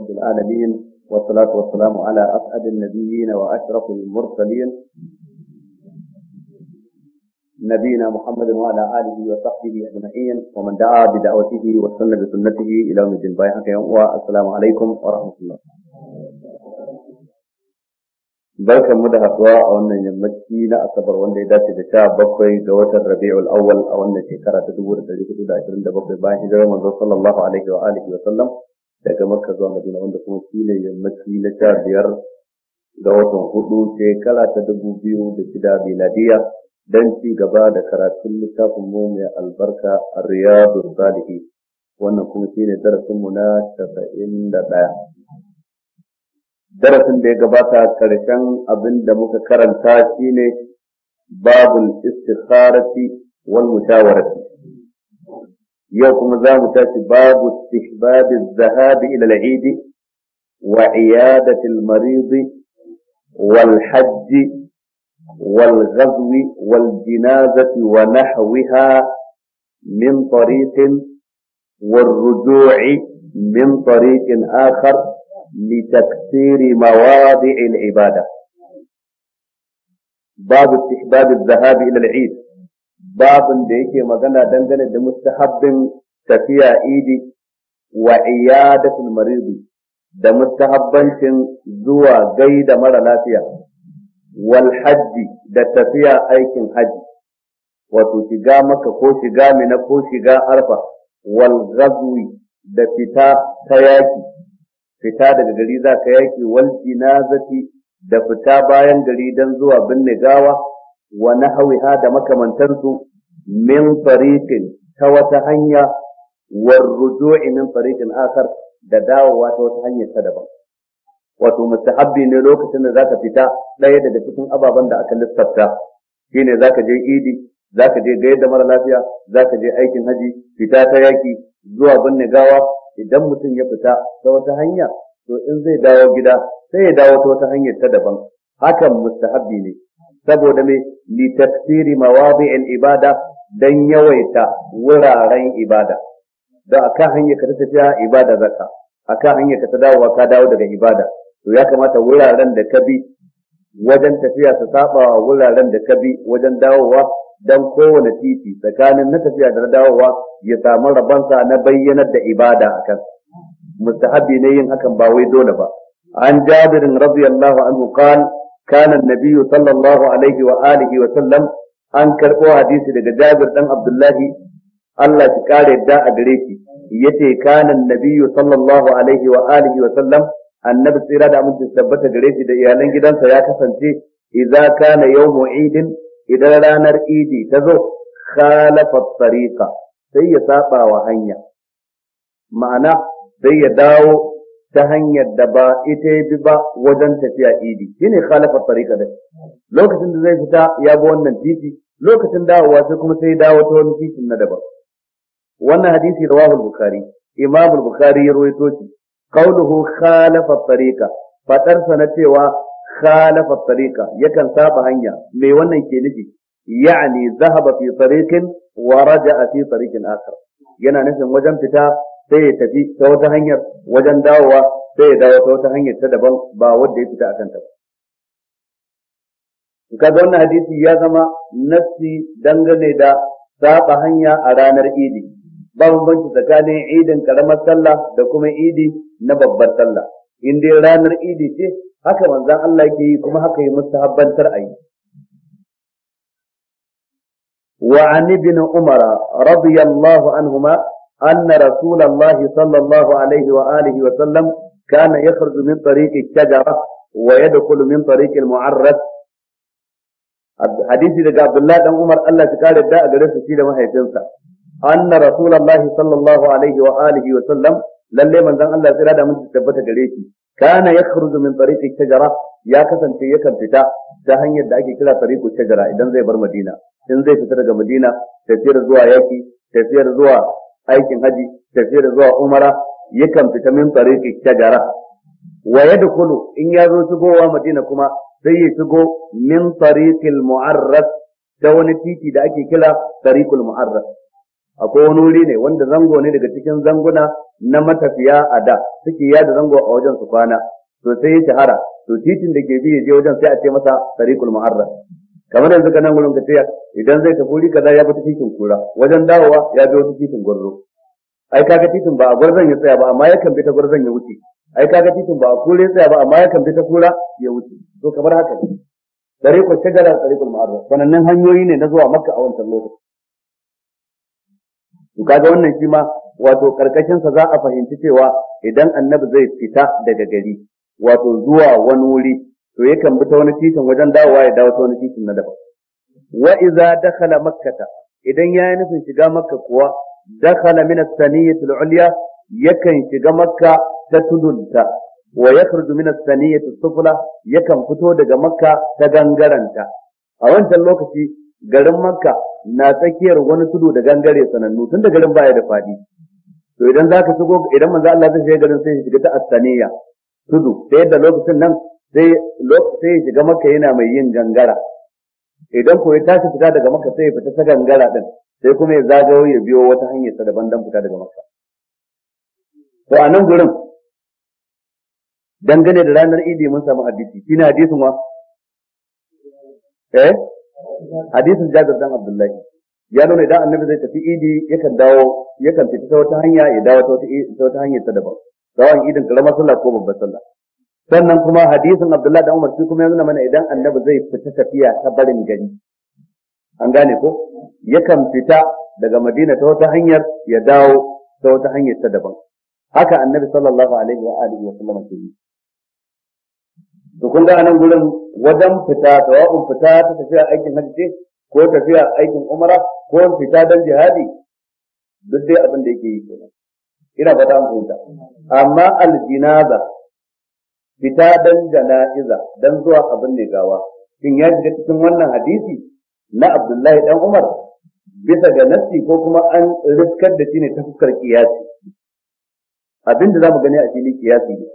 رب العالمين والصلاة والسلام على أسعد النبيين وأشرف المرسلين نبينا محمد وعلى آله وصحبه أجمعين ومن دعا بدعوته وسن بسنته إلى يوم الدين باي والسلام عليكم ورحمة الله بركة مدى هفواء أولنا يمجي لا أصبر وانده داتي دشاء بقوي جوات الربيع الأول أولنا شكرا تدور تجيكتو دائشرين دبقوي باي هجرة صلى الله عليه وآله وسلم makka zuwa madina wanda kuma shi ne yammaci na sha biyar ga watan hudu shekara ta dubu biyu da shida miladiya don ci gaba da karatun littafin mu mai albarka a riyadu salihi wannan kuma shi ne darasinmu na saba'in da ɗaya darasin da ya gabata karshen abin da muka karanta shine babul istikharati wal mushawarati يوم زام باب استحباب الذهاب إلى العيد وعيادة المريض والحج والغزو والجنازة ونحوها من طريق والرجوع من طريق آخر لتكثير مواضع العبادة باب استحباب الذهاب إلى العيد babin da yake magana dangane da mustahabbin tafiya idi wa iyadatul maridi da mustahabbancin zuwa gaida mara lafiya wal hajji da tafiya aikin haji wato shiga maka ko shiga mina ko shiga arfa wal ghazwi da fita ta yaki fita daga gari za ka yaki wal jinazati da fita bayan gari dan zuwa binne gawa wa nahwiha da makamantansu min tariqin ta wata hanya war ruju'i min tariqin akhar da dawowa ta wata hanyar ta daban wato mustahabbi ne lokacin da zaka fita ɗaya daga cikin ababen da aka lissafta shine zaka je idi zaka je gayyar da mara lafiya zaka je aikin haji fita ta yaki zuwa binne gawa idan mutum ya fita ta wata hanya to in zai dawo gida sai ya dawo ta wata hanyar ta daban hakan mustahabbi ne saboda me li tafsiri ibada dan yawaita wuraren ibada da aka hanya ka ta tafiya ibada zaka aka hanya ka ta dawowa ka dawo daga ibada to ya kamata wuraren da ka bi wajen tafiya su saba wuraren da ka bi wajen dawowa don kowane titi tsakanin na tafiya da na dawowa ya samu rabansa na bayyanar da ibada a mustahabi ne yin hakan ba wai dole ba an jabirin radiyallahu anhu qala كان النبي صلى الله عليه وآله وسلم an karɓo hadisi daga Jabir dan Abdullahi Allah ki kare da a gare yace kana annabiyyu sallallahu alaihi wa sallam annabi tsira da amince tabbata gare da iyalan gidansa ya kasance idza kana yawmu idin idan ranar idi ta zo khalafa sai ya saba wa hanya ma'ana sai ya dawo ta hanyar da ba ita ya bi ba wajen tafiya idi shine khalafa tariqa da lokacin da zai fita ya bi wannan titi lokacin dawowa sai kuma sai dawo ta wani titin na daban wannan hadisi rawahu bukhari imam al ya rawaito shi qawluhu khalafa tariqa fadar na cewa khalafa tariqa yakan saba hanya me wannan ke nufi ya'ni zahaba fi tariqin wa raja'a fi tariqin akhar yana nufin wajen fita sai ya tafi ta wata hanyar wajen dawowa sai ya dawo ta wata hanyar ta daban ba wadda ya fita a kanta ba ga wannan hadisi ya zama nassi dangane da saba hanya a ranar idi ba bambanci tsakanin idin karamar sallah da kuma idi na babbar sallah in dai ranar idi ce haka manzon Allah ke yi kuma haka yi mustahabbantar a وعن ابن عمر رضي الله عنهما أن رسول الله صلى الله عليه وآله وسلم كان يخرج من طريق الشجرة ويدخل من طريق المعرس hadisi daga Abdullah dan Umar Allah shi kare da a gare su shi da mahaifinsa anna rasulullah sallallahu alaihi wa alihi wa sallam lalle manzon Allah tsira da mun tabbata gare shi kana yakhruju min tariqi shajara ya kasance yakan fita ta hanyar da ake kira tariqu shajara idan zai bar Madina in zai fita daga Madina tafiyar zuwa yaki tafiyar zuwa aikin haji tafiyar zuwa umara yakan fita min tariqi shajara wa yadkhulu in ya zo shigowa madina kuma sai ya shigo min tariqil mu'arraf da wani titi da ake kira tariqul mu'arraf akwai wani wuri ne wanda zango ne daga cikin zanguna na matafiya a da suke yada zango a wajen su kwana to sai ya shahara to titin da ke bi ya je wajen sai a ce masa tariqul mu'arraf kamar yanzu kana gurin ka tsaya idan zai tafi wuri kaza ya bi titin kura wajen dawowa ya bi wata titin gwarzo ai kaga titin ba a gwarzon ya tsaya ba amma yakan bi ta gwarzon ya wuce ai kaga titin ba a kura ya tsaya ba amma yakan bi ta kura ya wuce to kamar haka ne tariqul dare ko ma'arwa sanannen hanyoyi ne na zuwa makka a wancan lokaci to kaga wannan shi ma wato karkashin sa za a fahimci cewa idan annabi zai fita daga gari wato zuwa wani wuri to yakan bi ta wani titin wajen dawowa ya dawo ta wani titin na daban wa iza dakhala makkata idan yayi nufin shiga makka kuwa dakhala min as-saniyyati al-ulya yakan shiga makka ta tudunta wa yakhruju min as-saniyyati as-sufla yakan fito daga makka ta gangaranta a wancan lokaci garin makka na tsakiyar wani tudu da gangare sanannu tun da garin baya da fadi to idan zaka shigo idan manzo Allah zai shiga garin sai shiga ta as tudu sai da lokacin nan sai sai ya shiga maka yana mai yin gangara idan ko ya tashi fita daga maka sai ya fita ta gangara din sai kuma ya zagayo ya biyo wata hanyar ta daban dan fita daga maka to a nan gurin dangane da ranar idi mun samu hadisi ne hadisin wa eh hadisin Jabir dan Abdullahi ya nuna idan annabi zai tafi idi yakan dawo yakan fita ta wata hanya ya dawo ta wata hanyar ta daban tsawon idin karamar sallah ko babbar sallah sannan kuma hadisin Abdullah da Umar shi kuma ya nuna mana idan annabi zai fita tafiya ta barin gari an gane ko yakan fita daga Madina ta wata hanyar ya dawo ta wata hanyar ta daban haka annabi sallallahu alaihi wa alihi wa sallam ke yi to kun ga anan gurin wajen fita tawabin fita ta tafiya aikin hajji ko tafiya aikin umara ko fita dan jihadi duk dai abin da yake yi kenan ina fata an fahimta amma aljinaza fita dan jana'iza dan zuwa abin ne gawa shin ya shiga cikin wannan hadisi na Abdullahi dan Umar bisa ga nassi ko kuma an riskar da shi ne ta fuskar kiyasi abin da zamu gani a fili kiyasi ne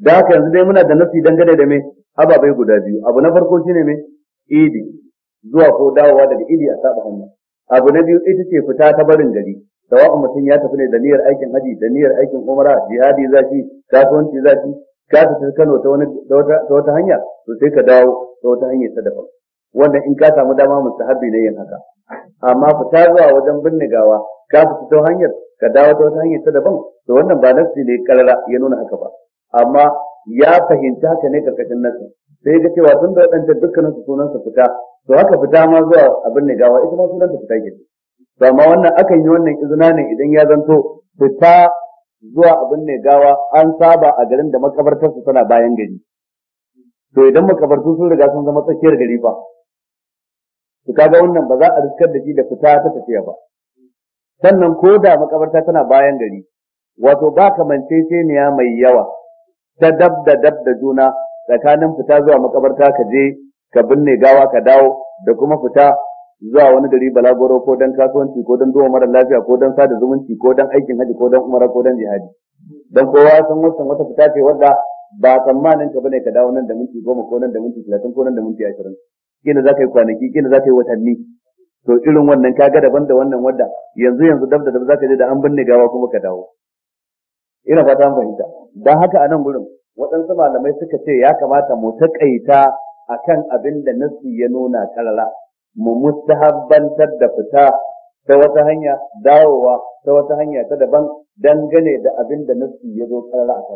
da haka yanzu dai muna da nassi dangane da me ababai guda biyu abu na farko shine me idi zuwa ko dawowa daga idi a saba hannu abu na biyu ita ce fita ta barin gari sawa'un mutum ya tafi ne da niyyar aikin haji da niyyar aikin umara jihadi zaki kasuwanci zaki ka ta ta Kano ta wani ta wata hanya to sai ka dawo ta wata hanya ta daban wannan in ka samu dama mustahabi ne yin haka amma fita zuwa wajen binnigawa ka fita ta hanyar ka dawo ta wata hanya ta daban to wannan ba nafsi ne karara ya nuna haka ba amma ya fahimta haka ne karkashin nasu. sai ga cewa tun da waɗanda dukkanin su sunan su fita to haka fita ma zuwa abin gawa ita ma sunan ta fita ke to amma wannan akan yi wannan izina ne idan ya zanto fita zuwa abin ne gawa an saba a garin da makabartarsu tana bayan gari to idan makabartu sun riga sun zama tsakiyar gari ba, to kaga wannan ba za a riskar da shi da fita ta tafiya ba sannan ko da makabarta tana bayan gari wato ba kamanceceniya mai yawa ta dab da dab da juna tsakanin fita zuwa makabarta ka je ka binne gawa ka dawo da kuma fita zuwa wani gari balagoro ko dan kasuwanci ko dan duwa mara lafiya ko dan sada zumunci ko dan aikin haji ko dan umara ko dan jihadi dan kowa san wannan wata fita ce wadda ba tsammanin ka bane ka dawo nan da minti goma ko nan da minti talatin ko nan da minti ashirin kina za ka yi kwanaki kina za ka yi watanni to irin wannan kaga daban da wannan wadda yanzu yanzu dab da dab za ka je da an binne gawa kuma ka dawo ina fata an fahimta dan haka a nan gurin waɗansu malamai suka ce ya kamata mu taƙaita akan abin da nasi ya nuna karara mu mustahabbantar da fita ta wata hanya dawowa ta wata hanya ta daban dangane da abin da nassi ya zo karara a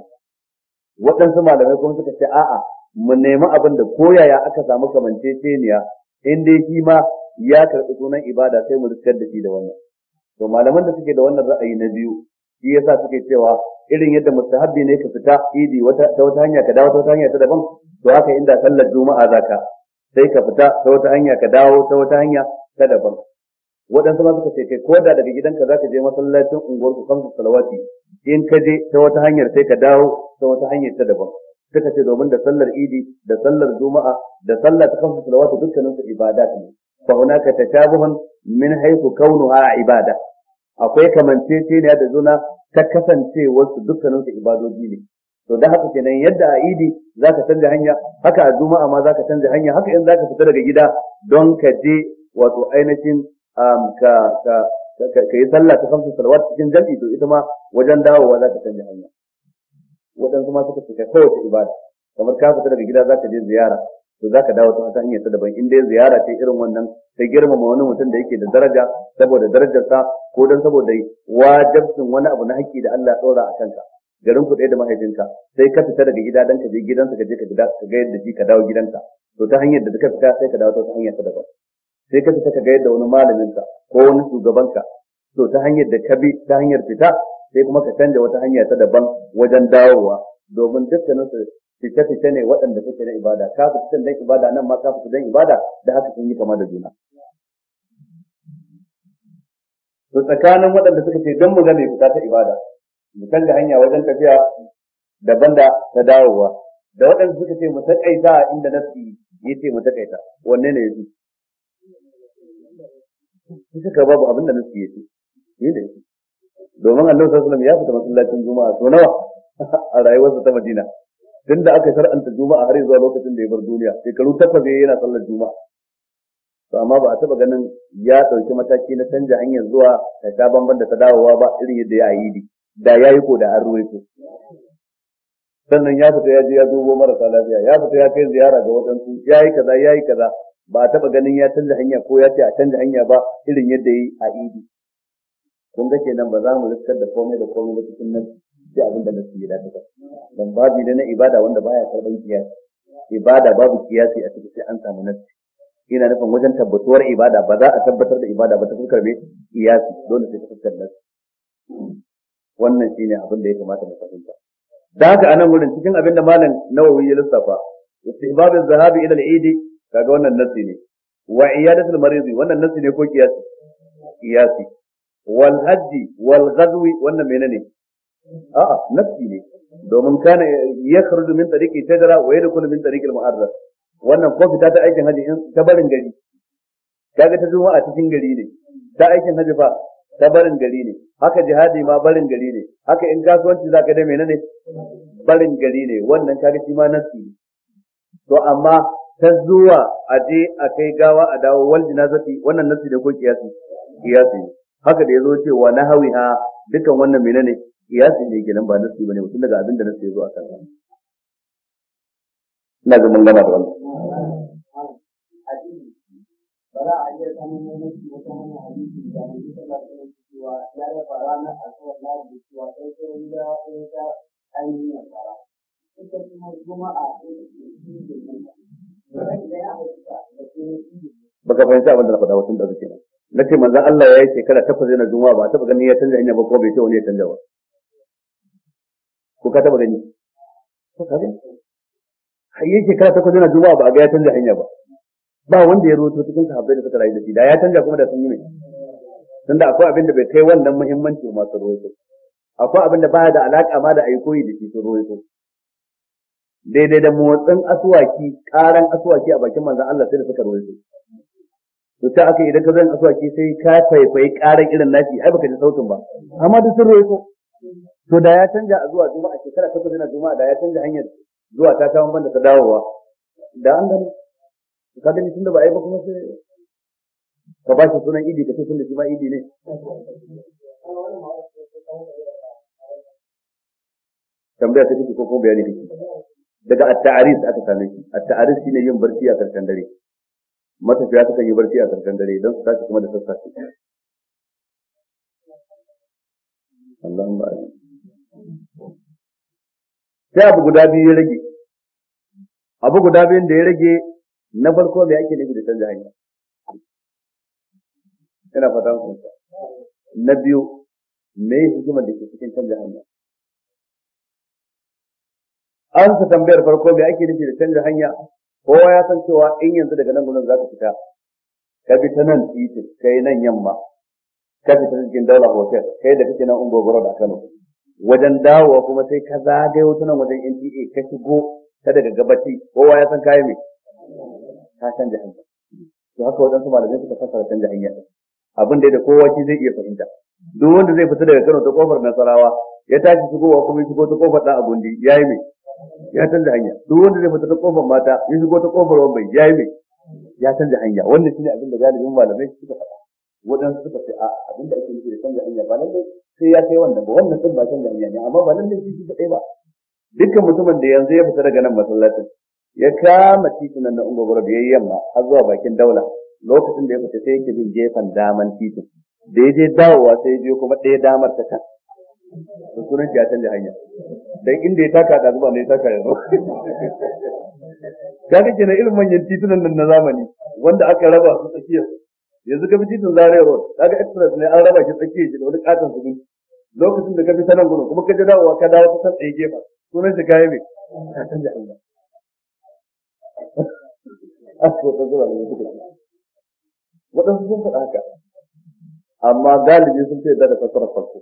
waɗansu malamai kuma suka ce a'a mu nemi abin da koyaya aka samu kamanceceniya in dai shi ma ya karɓi sunan ibada sai mu riskar da shi da wannan to malaman da suke da wannan ra'ayi na biyu shi yasa suke cewa irin yadda mustahabbi ne ka fita idi wata ta wata hanya ka dawo ta wata hanya ta daban to haka inda sallar juma'a zaka sai ka fita ta wata hanya ka dawo ta wata hanya ta daban waɗansu ma suka ce kai ko da daga gidanka za ka je masallacin unguwar ku kamsu salawati in ka je ta wata hanyar sai ka dawo ta wata hanyar ta daban suka ce domin da sallar idi da sallar juma'a da sallar ta kamsu salawati dukkanin su ibadat ne fa hunaka tashabuhun min haythu kaunuha ibada akwai kamanceceniya da juna ta kasancewarsu dukkanin su ibadoji ne to da haka kenan yadda a idi zaka canza hanya haka a juma'a ma zaka canza hanya haka in ka fita daga gida don ka je wato ainihin um, ka ka ka yi sallah ta kamsu salawat cikin jam'i to ita ma wajen dawowa ka canza hanya waɗansu ma suka fita kowace ibada kamar ka fita daga gida zaka je ziyara to ka dawo ta wata hanyar ta daban in dai ziyara ce irin wannan ta girmama wani mutum da yake da daraja saboda darajarsa ko don saboda wajabcin wani abu na haƙƙi da Allah ya ɗora a kanka garin ku da mahaifinka sai ka fita daga gida dan ka je gidansa ka je ka gida ka ga yadda shi ka dawo gidanka to ta hanyar da ka fita sai ka dawo ta hanyar ta daban sai ka fita ka ga yadda wani malaminka ko wani shugabanka to ta hanyar da ka bi ta hanyar fita sai kuma ka canja wata hanya ta daban wajen dawowa domin dukkanin su fita-fita ne waɗanda suke na ibada ka fita dan ibada nan ma ka fi dan ibada da haka sun yi kama da juna to tsakanin waɗanda suka ce don mu ga mai fita ta ibada mu canza hanya wajen tafiya daban da ta dawowa da waɗanda suka ce mu taƙaita a inda nafsi ya ce mu taƙaita wanne ne ya fi Su ka babu abin da nafsi ya ce ni da domin Allah sallallahu alaihi ya fita masallacin juma'a to nawa a rayuwarsa ta Madina tun da aka shar'anta juma'a har zuwa lokacin da ya bar duniya shekaru takwas ya yana sallar juma'a to amma ba a taba ganin ya ɗauki mataki na canja hanyar zuwa ta sha bamban da ta dawowa ba irin yadda ya yi da ya yi ko da an ruwaito sannan ya fita ya je ya dubo marasa lafiya ya fita ya kai ziyara ga waɗansu ya yi kaza ya yi kaza ba a taɓa ganin ya canza hanya ko ya ce a canza hanya ba irin yadda ya yi a idi kun ga kenan ba za mu riskar da komai da komai da cikin nan sai abin da nasu ya dace ba dan babu da na ibada wanda baya karɓar kiyasi ibada babu kiyasi a cikin sai an samu nasi ina nufin wajen tabbatuwar ibada ba za a tabbatar da ibada ba ta fi karɓe kiyasi dole sai ta fuskar nasi wannan shine abin da ya kamata mu fahimta da haka anan wurin cikin abin da malam nawawi ya lissafa istihbabin zahabi ila al-eid kaga wannan nasi ne wa iyadatul marid wannan nasi ne ko kiyasi kiyasi wal hajji wal ghadwi wannan menene a'a nasi ne domin kana yakhruju min tariqi tajara wa yadkhulu min tariqi al muharrar? wannan ko fita ta aikin haji ta barin gari kaga ta a cikin gari ne ta aikin hajji fa Ta barin gari ne haka jihadi ma barin gari ne haka in kasuwanci zaka da menene barin gari ne wannan kaga shi ma nasi ne to amma ta zuwa a je a kai gawa a dawo wal jinazati wannan nasi da ko kiyasi kiyasi haka da yazo wa na ha dukan wannan menene kiyasi ne gidan ba nasi bane mutum daga abin da nasi yazo a kan ina gana da wannan ba za a iya sanin mamaci wata hanyar hadisi da mai sallah ta yi cewa ya raba ranar asuwar lahadi cewa sai sai ya ya ta ainihin fara ita kuma juma'a sai ta ke da kuma idan ya hauka da kuma baka fahimci abin da na faɗa wasu da suke na ce manzan Allah ya yi shekara takwas yana juma'a ba taɓa ganin ya canza hanya ba ko bai ce wani ya canza ba ko ka taɓa gani ko ka gani yi shekara takwas yana juma'a ba a ga ya canza hanya ba ba wanda ya rubuto cikin sahabbai da suka rayu da shi da ya canja kuma da sun yi mai tunda akwai abin da bai kai wannan muhimmanci masu rubuto akwai abin da baya da alaka ma da ayi koyi da shi sun rubuto daidai da motsin asuwaki karan asuwaki a bakin manzon Allah sai da suka rubuto to sai aka idan ka zan asuwaki sai ka faifai karan irin nashi ai baka ji sautin ba amma da sun rubuto to da ya canja a zuwa juma'a shekara ta yana juma'a da ya canja hanyar zuwa ta kawo banda ta dawowa da an gani ka gani tunda ba a yi ba kuma sai ka ba shi sunan idi ka ce tunda shi ma idi ne tambaya ta kike ko kuma bayani kike daga at-ta'aris aka same shi at-ta'aris shine yin barci a karshen dare matafiya sukan yi barci a karshen dare don su tashi kuma da sassafe Allahumma amin sai abu guda biyu ya rage abu guda biyun da ya rage na farko me ake nufi da canza hanya ina fata muku na biyu me hikimar da ke cikin canza hanya an su tambayar farko me ake nufi da canza hanya kowa ya san cewa in yanzu daga nan gudun za ka fita ka bi ta nan titin kai nan yamma ka fita cikin daula hotel kai da kake nan ungogoro da kano wajen dawowa kuma sai ka zagayo ta wajen nta ka shigo ta daga gabaci kowa ya san kayi mai ka canja hanya to haka waɗansu malamai suka fassara canja hanya abin da kowa shi zai iya fahimta duk wanda zai fita daga Kano ta kofar Nasarawa ya tashi shigowa kuma ya shigo ta kofar da Abundi yayi mai ya canza hanya duk wanda zai fita ta kofar mata ya shigo ta kofar wambai yayi mai ya canza hanya wannan shine abin da galibin malamai suka faɗa waɗansu suka ce a abin da ake nufi da canza hanya ba lallai sai ya kai wannan ba wannan din ba canza hanya ne amma ba lallai shi shi kaɗai ba dukkan mutumin da yanzu ya fita daga nan masallacin ya kama titin nan na ungwagwar da ya yamma har zuwa bakin daula lokacin da ya fita sai yake bin gefen daman titin da ya je dawowa sai ya je kuma ɗaya damar ta kan to sunan ya canja hanya dan inda ya taka da zuba ne ya taka yanzu kake kenan irin manyan titunan nan na zamani wanda aka raba su tsakiyar yanzu ka fi titin zare Road kaga express ne an raba shi tsakiyar shi da wani katon su lokacin da ka fi sanan gudu kuma ka je dawowa ka dawo san ɗaya gefen sunan shi kayi ne ta canja hanya asko ta zuwa ne suka ce waɗansu sun faɗa haka amma galibi sun ce da fassarar farko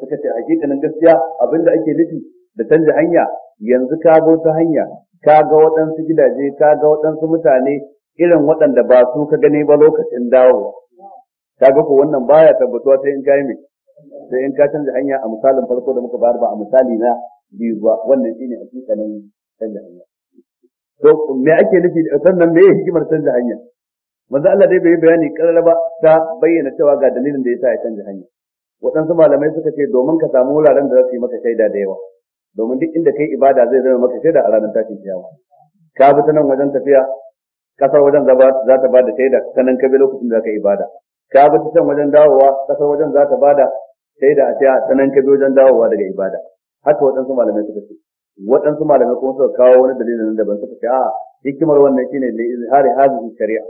suka ce hakikanin gaskiya abinda ake nufi da canja hanya yanzu ka go ta hanya ka ga waɗansu gidaje ka ga waɗansu mutane irin waɗanda ba su ka gani ba lokacin dawowa ka ga ko wannan baya tabbatuwa sai in kai mai sai in ka canja hanya a misalin farko da muka bayar ba a misali na biyu ba wannan shine hakikanin canja hanya to me ake nufi sannan me hikimar canza hanya manzo Allah dai bai bayani karara ta bayyana cewa ga dalilin da yasa ya canza hanya waɗansu malamai suka ce domin ka samu wuraren da za su yi maka shaida da yawa domin duk inda kai ibada zai zama maka shaida a ranar tashin kiyama ka bi ta nan wajen tafiya kasar wajen za ta bada shaida sanan ka bi lokacin da ka ibada ka bi ta can wajen dawowa kasar wajen za ta bada shaida a ta sanan ka bi wajen dawowa daga ibada haka waɗansu malamai suka ce waɗansu malamai kuma suka kawo wani dalilin da ban suka ce a hikimar wannan shine da izhari hadhihi shari'a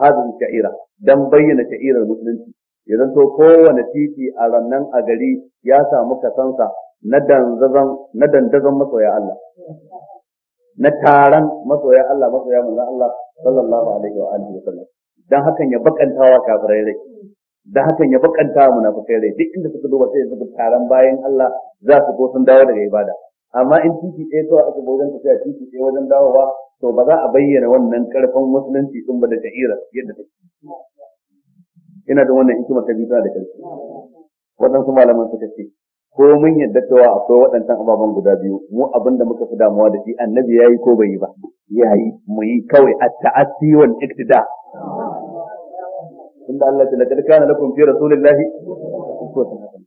hadhihi sha'ira dan bayyana sha'irar musulunci ya zanto kowane titi a rannan a gari ya samu kasansa na dandazon masoya Allah na taron masoya Allah masoya manzon Allah sallallahu alaihi wa alihi wasallam dan hakan ya bakantawa kafirai rai dan hakan ya bakantawa munafikai rai duk inda suka duba sai suka taron bayan Allah za su ko sun dawo daga ibada amma in titi ɗaya zuwa aka wajen tafiya titi ɗaya wajen dawowa to ba za a bayyana wannan karfin musulunci din ba da ja'ira yadda take ina da wannan hikima ta biyu da karfi waɗansu malaman suka ce ko mun yadda cewa akwai waɗancan ababen guda biyu mu abin da muka fi damuwa da shi annabi ya yi ko bai yi ba Ya yi, mu yi kawai at-ta'assi wal iktida Tunda Allah ta laqad kana lakum fi rasulillahi uswatun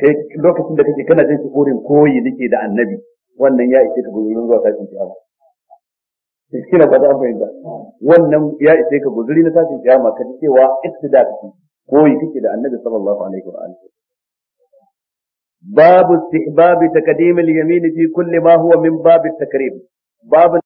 kai lokacin da kake kana jin kurin koyi nake da annabi wannan ya ishe ka guzurin zuwa tashin kiyama kina ba za a fahimta wannan ya ishe ka guzuri na tashin kiyama ka ji cewa ittida kake koyi kake da annabi sallallahu alaihi wa alihi babu istihbab taqdim al-yamin fi kulli ma huwa min bab at-takrib